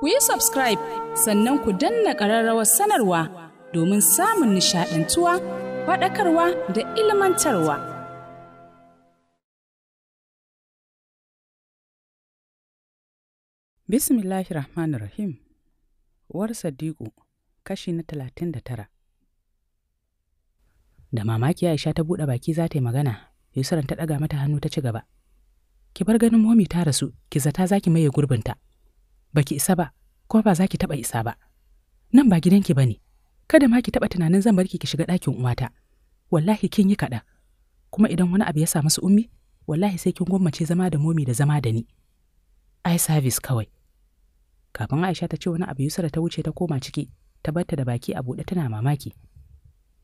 ku yi subscribe sannan ku danna ƙararrawar sanarwa domin samun nishaɗantuwa faɗakarwa da ilmantarwa. Bismillahir Rahmanir Rahim War Sadiku kashi na talatin da mamaki Aisha ta buɗe baki za ta yi magana, Yusuran ta ɗaga mata hannu ta ci gaba. Ki bar ganin momi ta rasu, ki zata za ki maye gurbinta. ba ki isa ba, kuma ba za ki taɓa isa ba. Nan ba gidanki ba ne, kada ma ki taɓa tunanin zan bar ki shiga ɗakin uwata. Wallahi kin yi kaɗan, kuma idan wani abu ya samu su ummi, wallahi sai kin gwammace zama da momi da zama da ni. Ai service kawai. Kafin Aisha ta ce wani abu Yusra ta wuce ta koma ciki, ta barta da baki a buɗe tana mamaki.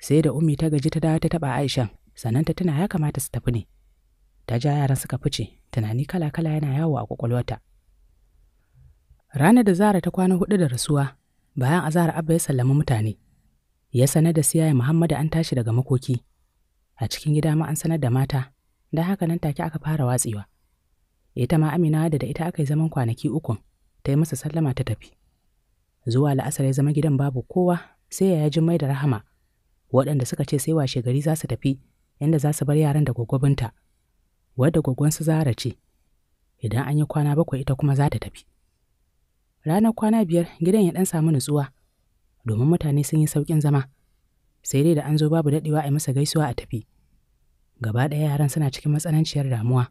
Sai da ummi ta gaji ta dawo ta taɓa Aishan, sannan ta tuna ya kamata su tafi ne. Ta ja yaran suka fice, tunani kala-kala yana yawo a kwakwalwarta. Ranar da Zara ta kwana hudu da rasuwa, bayan a zara Abba ya sallami mutane, ya sanar da siyaye Muhammadu an tashi daga makoki. A cikin gida ma an sanar da mata, da haka nan take aka fara watsewa. Ita ma Amina da da ita aka yi zaman kwanaki uku ta yi masa sallama ta tafi. Zuwa la'asar ya zama gidan babu kowa, sai ya yaji mai da rahama, waɗanda suka ce sai washe gari za su tafi, inda za su bar yaran da gwaggwabinta, wadda gwaggwansu Zara ce. Idan an yi kwana bakwai ita kuma za ta tafi. ranar kwana biyar gidan ya ɗan samu nutsuwa domin mutane sun yi sauƙin zama sai dai da an zo babu daɗewa a masa gaisuwa a tafi gaba ɗaya yaran suna cikin matsananciyar damuwa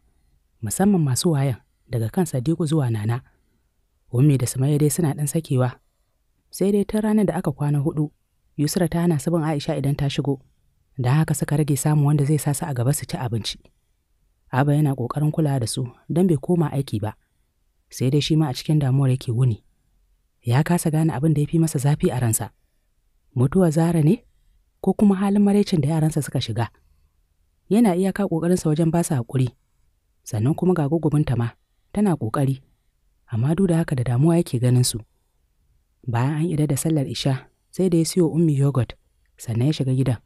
musamman masu wayan daga kan sadiku zuwa nana ummi da sumayya dai suna ɗan sakewa sai dai ta ranar da aka kwana hudu yusra ta hana sabon aisha idan ta shigo da haka suka rage samun wanda zai sa su a gaba su ci abinci aba yana ƙoƙarin kula da su don bai koma aiki ba sai dai shi ma a cikin damuwar yake wuni ya kasa gane abin da ya fi masa zafi a ransa. Mutuwa zara ne, ko kuma halin maraicin da yaransa suka shiga. Yana iyaka ƙoƙarinsa wajen ba su haƙuri, sannan kuma ga gugubinta ma, tana ƙoƙari, amma duk da haka da damuwa yake ganin su. Bayan an ida da sallar isha, sai da ya siyo ummi yogurt, sannan ya shiga gidan.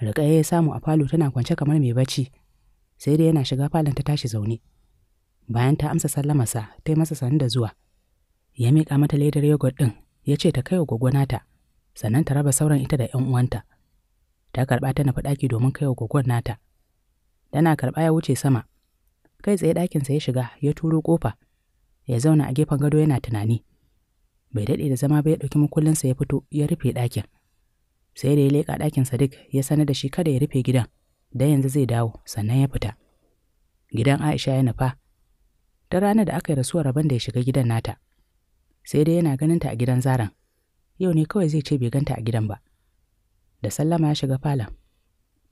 Riƙaya ya samu a falo tana kwance kamar mai bacci, sai dai yana shiga falon ta tashi zaune. Bayan ta amsa sallamarsa, ta yi masa sani da zuwa. ya miƙa mata ledar yogurt ɗin ya ce ta kaiwa nata sannan ta raba sauran ita da ƴan uwanta ta karɓa ta nufi ɗaki domin kaiwa gwaggon nata tana karɓa ya wuce sama kai tsaye ɗakinsa ya shiga ya turo ƙofa ya zauna a gefen gado yana tunani bai daɗe da zama ba ya ɗauki mukullinsa ya fito ya rufe ɗakin sai da ya leƙa ɗakin duk ya sanar da shi kada ya rufe gidan da yanzu zai dawo sannan ya fita gidan Aisha ya nufa ta ranar da aka yi rasuwar rabon da ya shiga gidan nata sai dai yana ganinta a gidan zaran yau ne kawai zai ce bai ganta a gidan ba da sallama ya shiga falon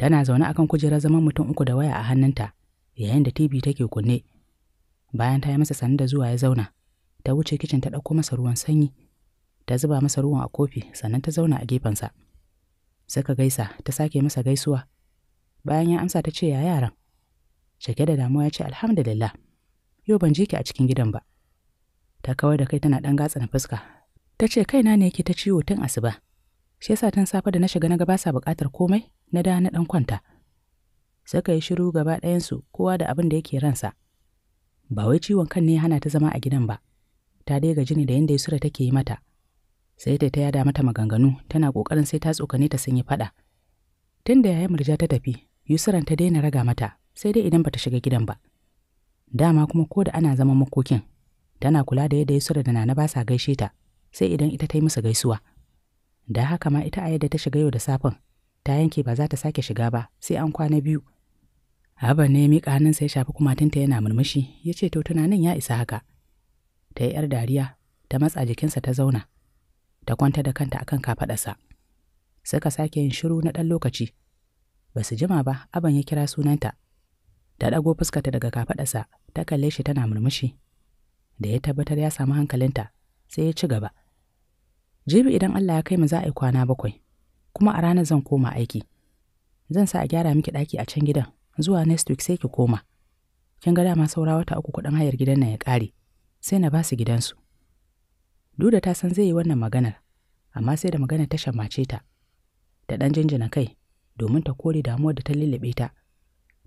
tana zaune akan kujerar zaman mutum uku da waya a hannunta yayin da tv take kunne bayan ta yi masa sanda da zuwa ya zauna ta wuce kicin ta ɗauko masa ruwan sanyi ta zuba masa ruwan a kofi sannan ta zauna a gefensa suka gaisa ta sake masa gaisuwa bayan ya amsa ta ce ya yaran cike da damuwa ya ce alhamdulillah yau ban je ki a cikin gidan ba ta kawar da kai tana ɗan na fuska ta ce kaina ne yake ta ciwo tun asuba shi yasa tun safe da na shiga na ga ba sa buƙatar komai na da na ɗan kwanta suka yi shiru gaba ɗayansu kowa da abin da yake ransa ba wai ciwon kan ne ya hana ta zama a gidan ba ta dai gaji ne da ya sura take yi mata sai ta ta yada mata maganganu tana kokarin sai ta tsokane ta sun yi faɗa tun da yayin murja ta tafi Yusran ta daina raga mata sai dai idan bata shiga gidan ba dama kuma ko da ana zaman makokin tana kula da yadda Yusra da Nana ba sa gaishe ta, sai idan ita ta yi musu gaisuwa. Da haka ma ita a yadda ta shiga yau da safin, ta yanke ba za ta sake shiga ba sai an kwana biyu. Haba ne miƙa hannunsa ya shafi kumatinta yana murmushi, ya ce to tunanin ya isa haka. Ta yi ‘yar dariya, ta matsa jikinsa ta zauna, ta kwanta da kanta akan kafaɗarsa. Suka sake yin shiru na ɗan lokaci. Ba su jima ba, aban ya kira sunanta. Ta ɗago fuskarta daga kafaɗarsa, ta kalle shi tana murmushi. da ya tabbatar ya samu hankalinta sai ya ci gaba. Jibi idan Allah ya kai mu za a yi kwana bakwai, kuma a ranar zan koma aiki. Zan sa a gyara miki ɗaki a can gidan, zuwa next week sai ki koma. Kin ga dama saura wata uku kuɗin hayar gidan nan ya ƙare, sai na ba su gidansu. Duda ta san zai yi wannan maganar, amma sai da maganar ta shammace ta, da ɗan jinjina kai, domin ta kore damuwar da ta lullube ta.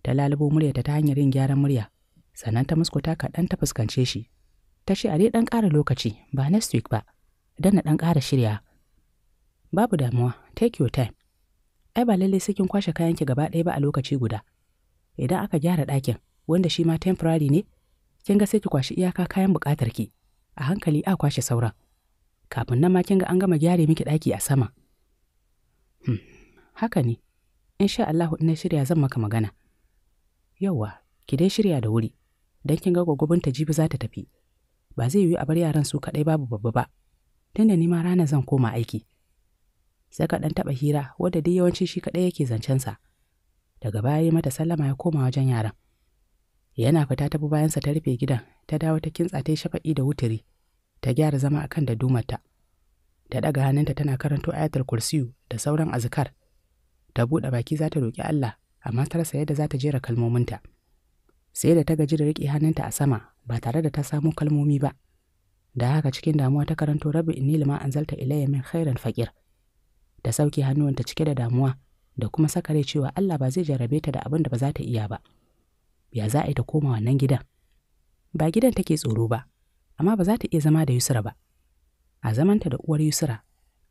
Ta lalubo muryarta ta hanyar yin gyaran murya, sannan ta muskuta kaɗan ta fuskance shi ta ce a dai ɗan ƙara lokaci ba next week ba don na ɗan ƙara shirya babu damuwa take your time ai ba lallai sai kin kwashe kayanki gaba ɗaya ba a lokaci guda idan aka gyara ɗakin wanda shi ma temporary ne kin ga sai ki kwashe iyaka kayan buƙatar ki a hankali a kwashe sauran kafin nan ma kin ga an gama gyare miki ɗaki a sama hmm. haka ne insha Allahu ina shirya zan maka magana yawwa ki dai shirya da wuri dan kin ga gwagwabin ta jibi za ta tafi ba zai yiwu a bar yaran su kaɗai babu babba ba tunda ni ma rana zan koma aiki sai ka ɗan taɓa hira wadda dai yawanci shi kaɗai yake zancensa daga baya ya mata sallama ya koma wajen yaran yana fita ta bayan bayansa ta rufe gidan ta dawo ta kintsa ta yi shafa'i da wuturi ta gyara zama akan da dumarta ta ɗaga hannunta tana karanto ayatul kursiyu da sauran azkar ta buɗe baki za ta roƙi Allah amma ta rasa yadda za ta jera kalmominta. sai da ta gaji da riƙe hannunta a sama ba tare da ta samo kalmomi ba da haka cikin damuwa ta karanto rabbi inni lima anzalta ilayya min khairan faqir da sauke hannuwanta cike da damuwa da kuma sakare cewa Allah ba zai jarrabe ta da abin da ba za ta iya ba ya za a yi ta koma wannan gidan ba gidan take tsoro ba amma ba za ta iya zama da Yusra ba a zamanta da uwar Yusra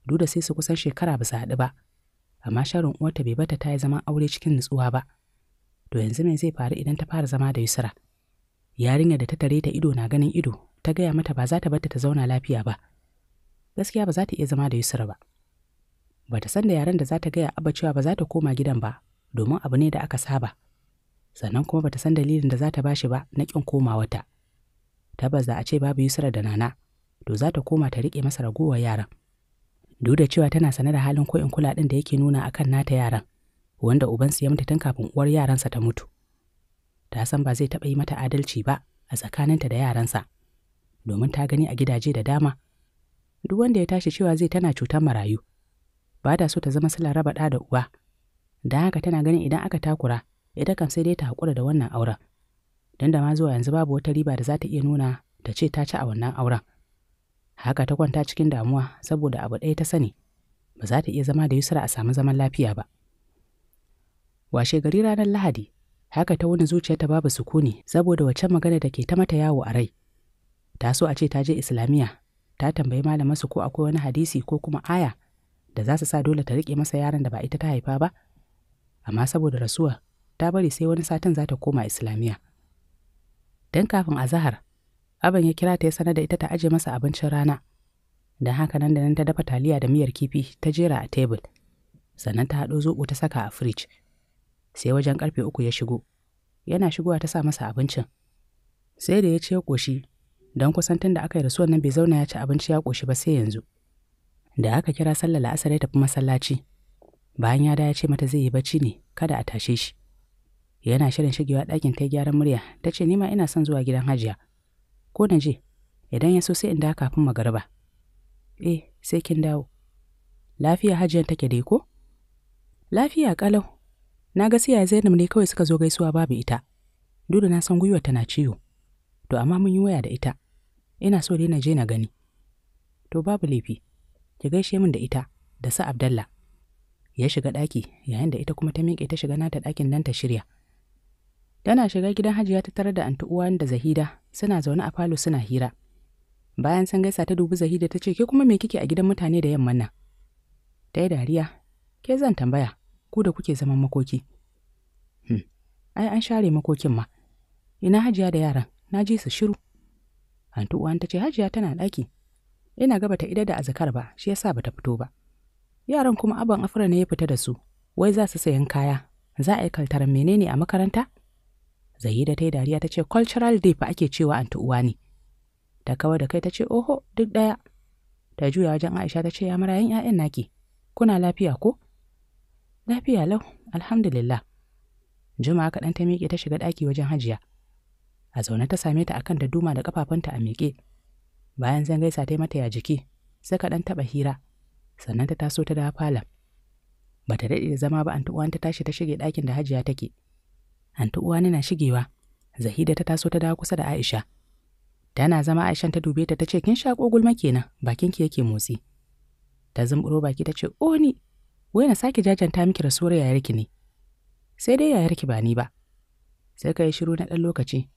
duk da sai su kusan shekara ba su haɗu ba amma sharin uwarta bai bata ta yi zama aure cikin nutsuwa ba to yanzu me zai faru idan ta fara zama da Yusra? Yarinyar da ta tare ta ido na ganin ido, ta gaya mata ba za ta bar ta zauna lafiya ba. Gaskiya ba za ta iya zama da Yusra ba. Ba ta san da yaren da za ta gaya Abba cewa ba za ta koma gidan ba, domin abu ne da aka saba. Sannan kuma ba ta san dalilin da za ta bashi ba na ƙin ta Tabbas da a ce babu Yusra da Nana, to za ta koma ta riƙe masa ragowar yaran. Duk da cewa tana sane da halin ko in kula ɗin da yake nuna akan nata yaran, wanda ubansu ya mutu tun kafin uwar yaransa ta mutu. Ta san ba zai taɓa yi mata adalci ba a tsakaninta da yaransa, domin ta gani a gidaje da dama. Duk wanda ya tashi cewa zai tana cutar marayu, ba da so ta zama sila raba ɗa da uwa, don haka tana ganin idan aka takura, ita kam sai dai ta haƙura da wannan auren. Don da ma zuwa yanzu babu wata riba da za ta iya nuna ta ce ta ci a wannan auren. Haka ta kwanta cikin damuwa saboda abu ɗaya ta sani, ba za ta iya zama da Yusra a samu zaman lafiya ba. washe gari ranar lahadi haka ta wani ta babu sukuni saboda wacce magana da ke ta mata yawo a rai ta so a ce ta je islamiyya ta tambayi malamar su ko akwai wani hadisi ko kuma aya da za su sa dole ta riƙe masa yaran da ba ita ta haifa ba amma saboda rasuwa ta bari sai wani satin za ta koma islamiyya don kafin azahar aban ya kira ta ya sanar da ita ta aje masa abincin rana don haka nan da nan ta dafa taliya da miyar kifi ta jera a tebul sannan ta haɗo zoɓo ta saka a firij. sai wajen karfe uku ya shigo yana shigowa ta sa masa abincin sai da ya ce ya ƙoshi don kusan tun da aka yi rasuwa nan bai zauna ya ci abinci ya ƙoshi ba sai yanzu da aka kira sallar la'asar ya tafi masallaci bayan ya da ya ce mata zai yi bacci ne kada a tashe shi yana shirin shigewa ɗakin ta gyaran murya ta ce nima ina son zuwa gidan hajiya ko na je idan ya so sai in da kafin magariba eh sai kin dawo lafiya hajiyar take dai ko lafiya kalau Na ga siya Zainab ne kawai suka zo gaisuwa babu ita. Duda na san gwiwa tana ciwo. To amma mun yi waya da ita. Ina so dai na je na gani. To babu laifi. Ki gaishe min da ita da sa abdalla Ya shiga ɗaki yayin da ita kuma ta miƙe ta shiga nata ɗakin nan ta shirya. Tana shiga gidan Hajiya ta tarar da anti uwan da Zahida suna zaune a falo suna hira. Bayan san gaisa ta dubi Zahida ta ce ke kuma me kike a gidan mutane da yamman nan? Ta yi dariya. Ke zan tambaya. ku da kuke zaman makoki. Hmm. Ai an share makokin ma. Ina hajiya da yaran, na ji su shiru. Antu uwan ta ce hajiya tana ɗaki. Ina gaba ta ida da azakar ba, shi yasa bata fito ba. Yaran kuma aban afra ne ya fita da su, wai za su sayan kaya, za a yi kaltaran menene a makaranta? Zahida ta yi dariya ta ce cultural day fa ake cewa antu uwa ne. Ta kawar da kai ta ce oho duk ɗaya. Ta juya wajen Aisha ta ce ya marayan 'ya'yan naki, kuna lafiya ko? Lafiya lau, alhamdulillah. Juma'a kaɗan ta miƙe ta shiga ɗaki wajen hajiya. A zaune ta same ta akan da duma da ƙafafunta a miƙe. Bayan zan gaisa ta mata ya jiki, suka ɗan taɓa hira, sannan ta taso ta dawo falon. Ba ta daɗe da zama ba antu uwan ta tashi ta shige ɗakin da hajiya take. Anti uwa na shigewa, Zahida ta taso ta dawa kusa da Aisha. Tana zama Aishan ta dube ta ta ce kin sha gulma kenan, bakin ki yake motsi. Ta zumburo baki ta ce o ni wai na sake jajanta miki rasuwar yayarki ne sai dai yayarki ba ni ba sai ka yi shiru na ɗan lokaci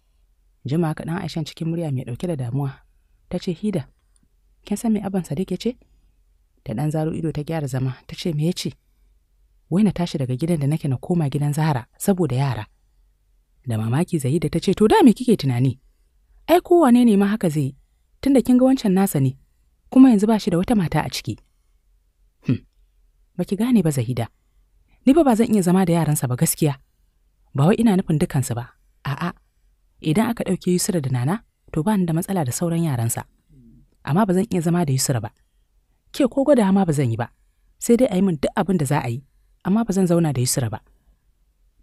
jima kaɗan aishan cikin murya mai ɗauke da damuwa ta ce hida kin san me aban sadiq ya ce da ɗan zaro ido ta gyara zama ta ce me ya ce wai na tashi daga gidan da nake na koma gidan zahara saboda yara da mamaki zahida ta ce to da me kike tunani ai kowane ne ma haka zai tunda kin ga wancan nasa ne kuma yanzu ba shi da wata mata a ciki ba ki gane ba zahida ni ba ba zan iya zama da yaransa ba gaskiya ba wai ina nufin dukansu ba a'a idan aka ɗauke yusra da nana to ba ni da matsala da sauran yaransa amma ba zan iya zama da yusra ba ke ko gwada ma ba zan yi ba sai dai a yi min duk abin da za a yi amma ba zan zauna da yusra ba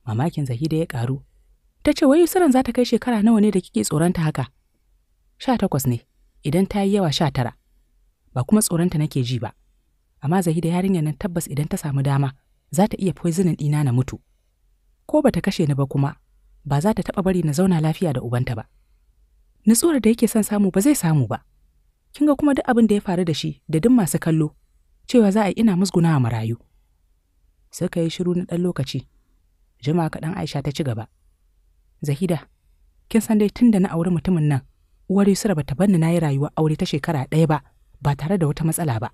mamakin zahida ya ƙaru ta ce wai yusran za ta kai shekara nawa ne da kike tsoronta haka sha takwas ne idan ta yi yawa sha tara ba kuma tsoronta nake ji ba amma Zahida yarinyar nan tabbas idan ta samu dama za ta iya poisonin ɗina na mutu. Ko ba ta kashe ni ba kuma, ba za ta taɓa bari na zauna lafiya da ubanta ba. Nutsuwar da yake son samu ba zai samu ba. Kin ga kuma duk abin da ya faru da shi da duk masu kallo, cewa za a ina musguna a marayu. Suka yi shiru na ɗan lokaci, jima kaɗan Aisha ta ci gaba. Zahida, kin san dai tun da na auri mutumin nan, uwar Yusra ba ta banni na yi rayuwa aure ta shekara ɗaya ba, ba tare da wata matsala ba.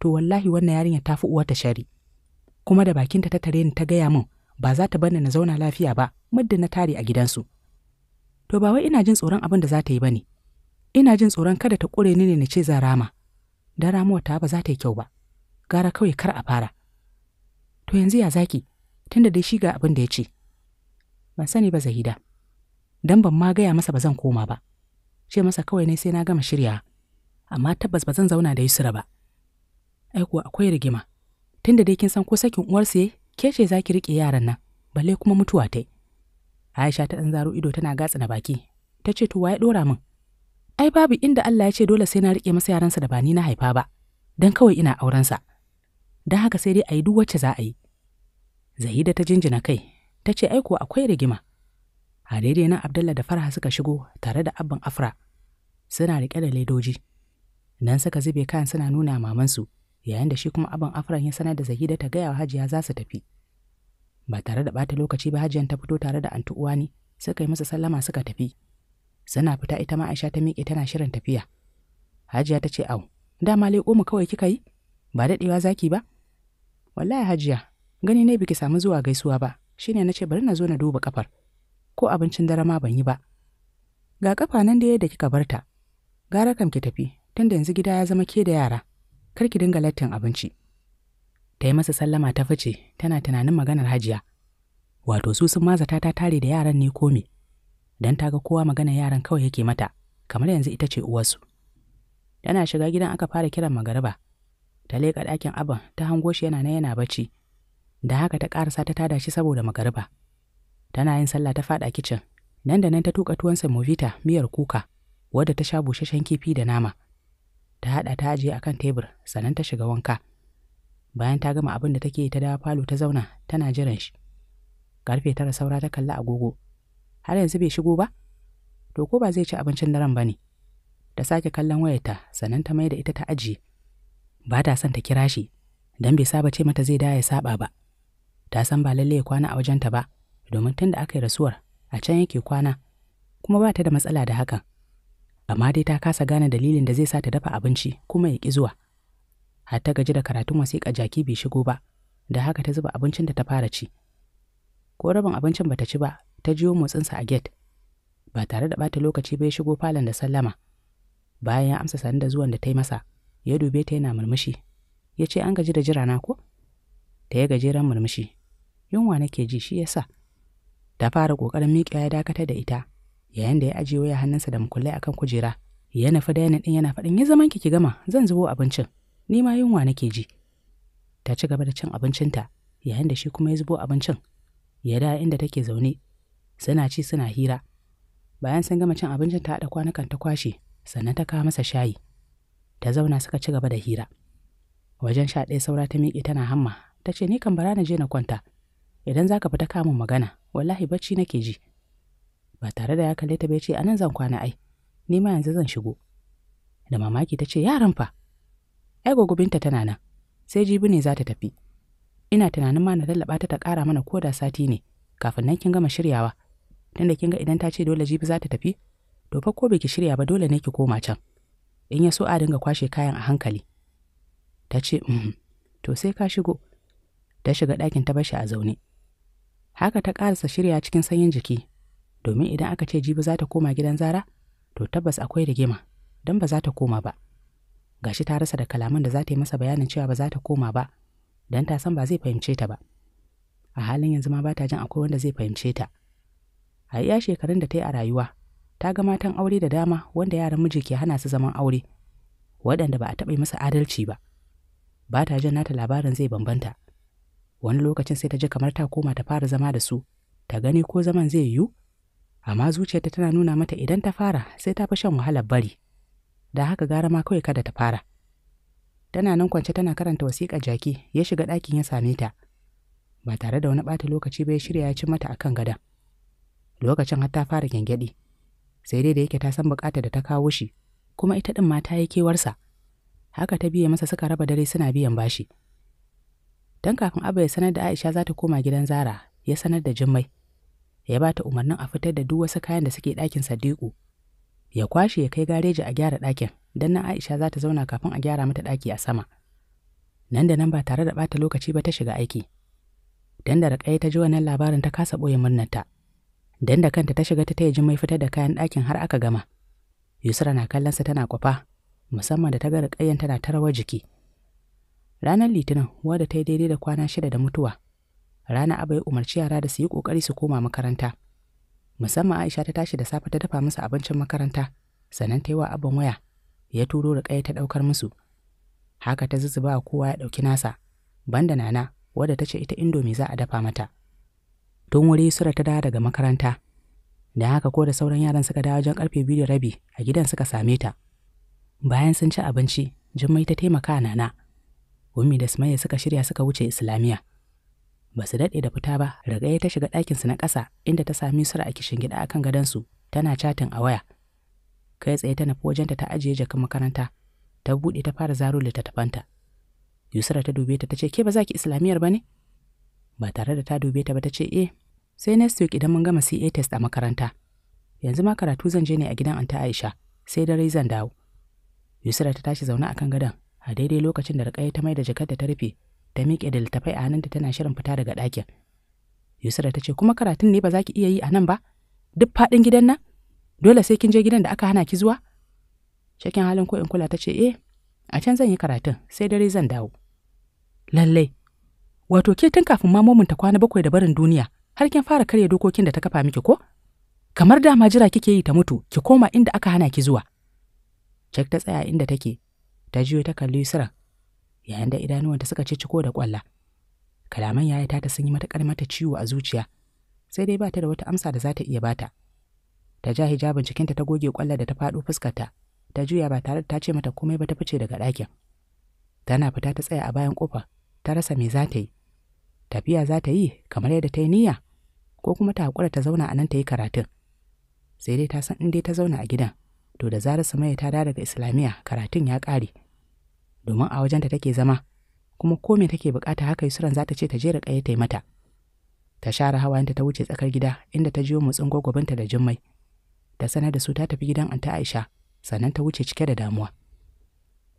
to wallahi wannan yarinya ta fi uwata shari. Kuma da bakinta ta tare ni ta gaya min ba za ta bani na zauna lafiya ba muddin na tare a gidansu. To ba wai ina jin tsoron abin da za ta yi ba ne. Ina jin tsoron kada ta ƙure ni ne na ce za rama. Dan ramuwar ta ba za ta yi kyau ba. Gara kawai kar a fara. To yanzu ya zaki tunda dai shi ga abin da ya ce. Ban sani ba Zahida. Dan ban ma gaya masa ba zan koma ba. Ce masa kawai ne sai na gama shirya. Amma tabbas ba zan zauna da Yusra ba. aiko, akwai rigima tunda dai kin san ko sakin uwarsa ke ce za ki riƙe yaran nan balle kuma mutuwa ta Aisha ta ɗan zaro ido tana gatsa na baki ta ce to waye ɗora min ai babu inda Allah ya ce dole sai na riƙe masa yaransa da ba ni na haifa ba dan kawai ina aurensa don haka sai dai a yi duk wacce za a yi Zahida ta jinjina kai ta ce aiko, akwai rigima a daidai nan Abdullah da Farha suka shigo tare da abban Afra suna riƙe da ledoji nan suka zube kayan suna nuna mamansu yayin da shi kuma abin afran ya sanar da zahida ta gaya wa hajiya za su tafi ba tare da bata lokaci ba hajiyan ta fito tare da antu ne suka yi masa sallama suka tafi suna fita ita ma aisha ta miƙe tana shirin tafiya hajiya ta ce au dama leƙo mu kawai kika yi ba daɗewa zaki ba wallahi hajiya gani ne biki samu zuwa gaisuwa ba shine na ce bari na zo na duba kafar ko abincin dare ma ban yi ba ga kafa nan da da kika barta gara kam ki tafi tunda yanzu gida ya zama ke da yara kar ki dinga lattin abinci. Ta yi masa sallama ta fice tana tunanin maganar hajiya. Wato su sun mazata ta tare da yaran ne ko don Dan ta ga kowa maganar yaran kawai yake mata, kamar yanzu ita ce uwarsu. Tana shiga gidan aka fara kiran magariba. Ta leƙa ɗakin abin ta hango shi yana na yana bacci. Da haka ta ƙarasa ta tada shi saboda magariba. Tana yin sallah ta faɗa kicin. Nan da nan ta tuƙa tuwon samovita miyar kuka, wadda ta sha busasshen kifi da nama. ta haɗa ta ajiye kan tebur sannan ta shiga wanka bayan ta gama abin da take ta da falo ta zauna tana jiran shi karfe tara saura ta kalla agogo har yanzu bai shigo ba to ko ba zai ci abincin daren ba ne ta sake kallon wayarta sannan ta mai da ita ta ajiye ba ta son ta kira shi don bai saba ce mata zai da ya saba ba ta san ba lalle ya kwana a wajenta ba domin tun da aka yi rasuwar a can yake kwana kuma ba ta da matsala da hakan amma dai ta kasa gane dalilin da zai sa ta dafa abinci kuma ya ƙi zuwa. Har ta gaji da karatun wasiƙa jaki bai shigo ba, da haka ta zuba abincin da ta fara ci. Ko rabin abincin bata ci ba, ta jiyo motsinsa a get. Ba tare da bata lokaci ba ya shigo falon da sallama. Bayan ya amsa sani da zuwan da ta yi masa, ya dube ta yana murmushi. Ya ce an gaji da jira na ko? Ta ya gajeren murmushi. Yunwa nake ji shi yasa. Ta fara ƙoƙarin miƙewa ya dakatar da ita, yayin da ya ajiye waya hannunsa da mukullai akan kujera ya nufi dainin din yana faɗin ya zaman ki ki gama zan zubo abincin ni ma yunwa nake ji ta ci gaba da cin abincinta yayin da shi kuma ya zubo abincin ya da inda take zaune suna ci suna hira bayan sun gama cin abincin ta haɗa kwanukan ta kwashe sannan ta kawo masa shayi ta zauna suka ci gaba da hira wajen sha ɗaya saura ta miƙe tana hamma ta ce ni kan bara na je na kwanta idan za ka fita kamun magana wallahi bacci nake ji ba tare da ya kalle ta bai ce a nan zan kwana ai ni ma yanzu zan shigo da mamaki ta ce yaran fa ai gwagwabinta tana nan sai jibi ne za ta tafi ina tunanin ma na lallaba ta ta ƙara mana koda sati ne kafin nan kin gama shiryawa tunda kin ga idan ta ce dole jibi za ta tafi to fa ko baki shirya ba dole ne ki koma can in ya so a dinga kwashe kayan a hankali ta ce mm to sai ka shigo ta shiga ɗakin ta bashi a zaune haka ta ƙarasa shirya cikin sanyin jiki domin idan aka ce jibi za ta koma gidan zara to tabbas akwai rigima don ba za ta koma ba gashi ta rasa da kalaman da za ta yi masa bayanin cewa ba za ta koma ba don ta san ba zai fahimce ta ba a halin yanzu ma ba ta jin akwai wanda zai fahimce ta a iya shekarun da ta yi a rayuwa ta ga matan aure da dama wanda yaran miji ke hana su zaman aure waɗanda ba a taɓa masa adalci ba ba ta jin nata labarin zai bambanta wani lokacin sai ta ji kamar ta koma ta fara zama da su ta gani ko zaman zai yiwu amma zuciyarta tana nuna mata idan ta fara sai ta fi shan wahalar bari da haka gara ma kawai kada ta fara tana nan kwance tana karanta wasiƙar jaki ya shiga ɗakin ya same ta ba tare da wani ɓata lokaci ba ya shirya ya ci mata akan gadon lokacin har ta fara gyangyaɗi sai dai da yake ta san buƙatar da ta kawo shi kuma ita ɗin mata ya kewarsa haka ta biye masa suka raba dare suna biyan bashi dan kafin abu ya sanar da Aisha za ta koma gidan Zara ya sanar da Jummai ya ba ta umarnin a fitar da duk wasu kayan da suke ɗakin Sadiku. Ya kwashe ya kai gareji a gyara ɗakin, don na Aisha za ta zauna kafin a gyara mata ɗaki a sama. Nan da nan ba tare da ɓata lokaci ba ta shiga aiki. Dan da raƙaye ta ji wannan labarin ta kasa ɓoye murnarta. Dan da kanta ta shiga ta taya jimai fitar da kayan ɗakin har aka gama. Yusra na kallon sa tana kwafa, musamman da ta ga raƙayen tana ta rawar jiki. Ranar Litinin, wadda ta yi daidai da kwana shida da mutuwa, rana aba ya umarci yara da su yi ƙoƙari su koma makaranta musamman aisha ta tashi da safe ta dafa musu abincin makaranta sannan ta yi wa abin waya ya turo da ƙaya ta ɗaukar musu haka ta zuzzuba kowa ya ɗauki nasa banda nana wadda ta ce ita indomi za a dafa mata tun wuri sura ta dawo daga makaranta da haka ko da sauran yaran suka dawo wajen karfe biyu da rabi a gidan suka same ta bayan sun ci abinci jummai ta taimaka nana ummi da sumayya suka shirya suka wuce islamiyya ba su daɗe da fita ba ragaye ta shiga ɗakinsu na ƙasa inda ta sami sura a kishin gida akan gadonsu tana catin a waya kai tsaye ta nufi wajenta ta ajiye jakan makaranta ta buɗe ta fara zaro littattafanta yusra ta dube ta ta ce ke ba za ki islamiyar ba ne ba tare da ta dube ta ba ta ce e? sai next week idan mun gama CA test a makaranta yanzu ma karatu zan je ne a gidan anta Aisha sai dare zan dawo Yusra ta tashi zaune akan gadon a daidai lokacin da Rukaiya ta mai da jakar da ta rufe ta miƙe da littafai a hannunta tana shirin fita daga ɗakin. Yusra ta ce, Kuma karatun ne ba za ki iya yi a nan ba? Duk faɗin gidan nan? Dole sai kin je gidan da aka hana ki zuwa? Cikin halin ko kula ta ce, e a can zan yi karatun, sai dare zan dawo. Lallai, wato ke tun kafin ma ta kwana bakwai da barin duniya, har kin fara karya dokokin da ta kafa miki ko? Kamar dama jira kike yi ta mutu, ki koma inda aka hana ki zuwa. Cek ta tsaya inda take, ta jiyo ta kalli Yusra yayin da idanuwanta suka ciko da kwalla. Kalaman yaya ta sun yi matuƙar mata ciwo a zuciya, sai dai ba ta da wata amsa da za ta iya bata. Ta ja hijabin cikinta ta goge kwalla da ta faɗo fuskarta, ta juya ba tare da ta ce mata komai ba ta fice daga ɗakin. Tana fita ta tsaya a bayan kofa ta rasa me za ta yi. Tafiya za ta yi kamar yadda ta yi niyya, ko kuma ta haƙura ta zauna a nan ta yi karatun. Sai dai ta san in dai ta zauna a gidan, to da zarar Samaya ta dawo daga Islamiyya karatun ya ƙare. domin a wajen wajenta take zama kuma ko me take bukata haka Yusran za ta ce ta je da ta mata. Ta share hawayenta ta wuce tsakar gida inda ta jiyo motsin gogobinta da Jummai. Ta sanar da su ta tafi gidan Anta Aisha sannan ta wuce cike da damuwa.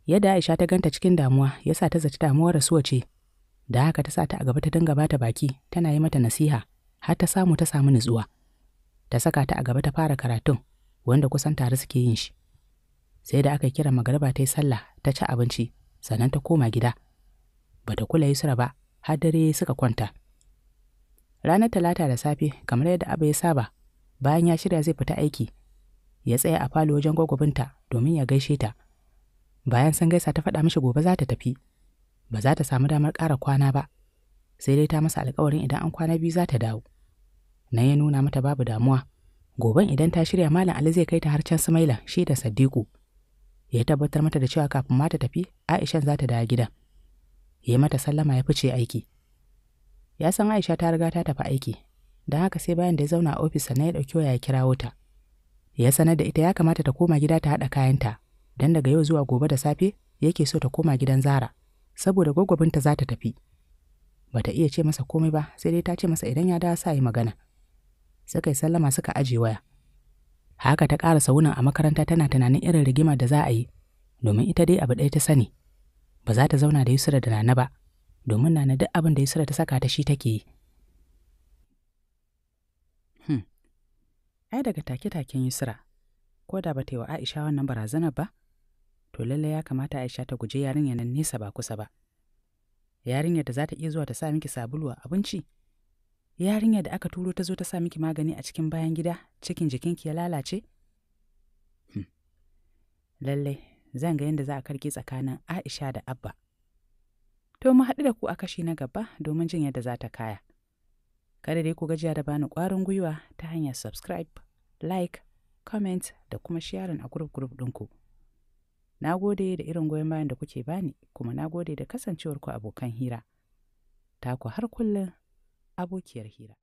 Yadda Aisha ta ganta cikin damuwa yasa ta zaci damuwar rasuwa ce, da haka ta sa ta a gaba ta dinga bata baki tana yi mata nasiha har ta samu ta samu nutsuwa. Ta saka ta a gaba ta fara karatun wanda kusan tare suke yin shi. Sai da aka kira magarba ta yi sallah ta ci abinci sannan ta koma gida Ba ta kula Yusra ba har dare suka kwanta ranar talata da safe kamar yadda Aba ya saba bayan ya shirya zai fita aiki ya tsaya a falo wajen gwagwabinta domin ya gaishe ta bayan san gaisa ta faɗa mishi gobe za ta tafi ba za ta samu damar ƙara kwana ba sai dai ta masa alƙawarin idan an kwana biyu za ta dawo na ya nuna mata babu damuwa goben idan ta shirya malam ali zai kai ta har can sumaila shi da sadiku ya tabbatar mata da cewa kafin ma ta tafi Aishan za ta dawo gidan. Ya mata sallama ya fice aiki. Ya san Aisha ta riga ta tafi aiki, don haka sai bayan da ya zauna a ofis sannan ya ɗauki waya ya kirawo ta. Ya sanar da ita ya kamata ta koma gida ta haɗa kayanta, don daga yau zuwa gobe da safe yake so ta koma gidan Zara, saboda gwaggwabinta za ta tafi. Bata iya ce masa komai ba, sai dai ta ce masa idan ya dawo sa yi magana. Suka yi sallama suka aje waya. haka ta ƙara wunin a makaranta tana tunanin irin rigima da za a yi domin ita dai abu ɗaya ta sani ba za ta zauna da Yusra da Nana ba domin Nana duk abin da Yusra ta saka ta shi take yi. Hmm. Ai daga take-taken Yusra, ko da ba ta yi wa Aisha wannan barazanar ba, to lallai ya kamata Aisha ta guje yarinyar nan nesa ba kusa ba. Yarinyar da za ta iya zuwa ta sa miki sabulu a abinci, yarinyar da aka turo ta zo ta sa miki magani a cikin bayan gida cikin jikinki ya lalace hmm. lallai zan ga yadda za a karki tsakanin aisha da abba to mu haɗu da ku a kashi na gaba domin jin yadda za ta kaya kada dai ku gajiya da bani ƙwarin gwiwa ta hanyar subscribe like comment da kuma sharing a group group ɗinku na gode da irin goyon bayan da kuke bani kuma na gode da kasancewarku abokan hira taku har kullum abokiyar hira.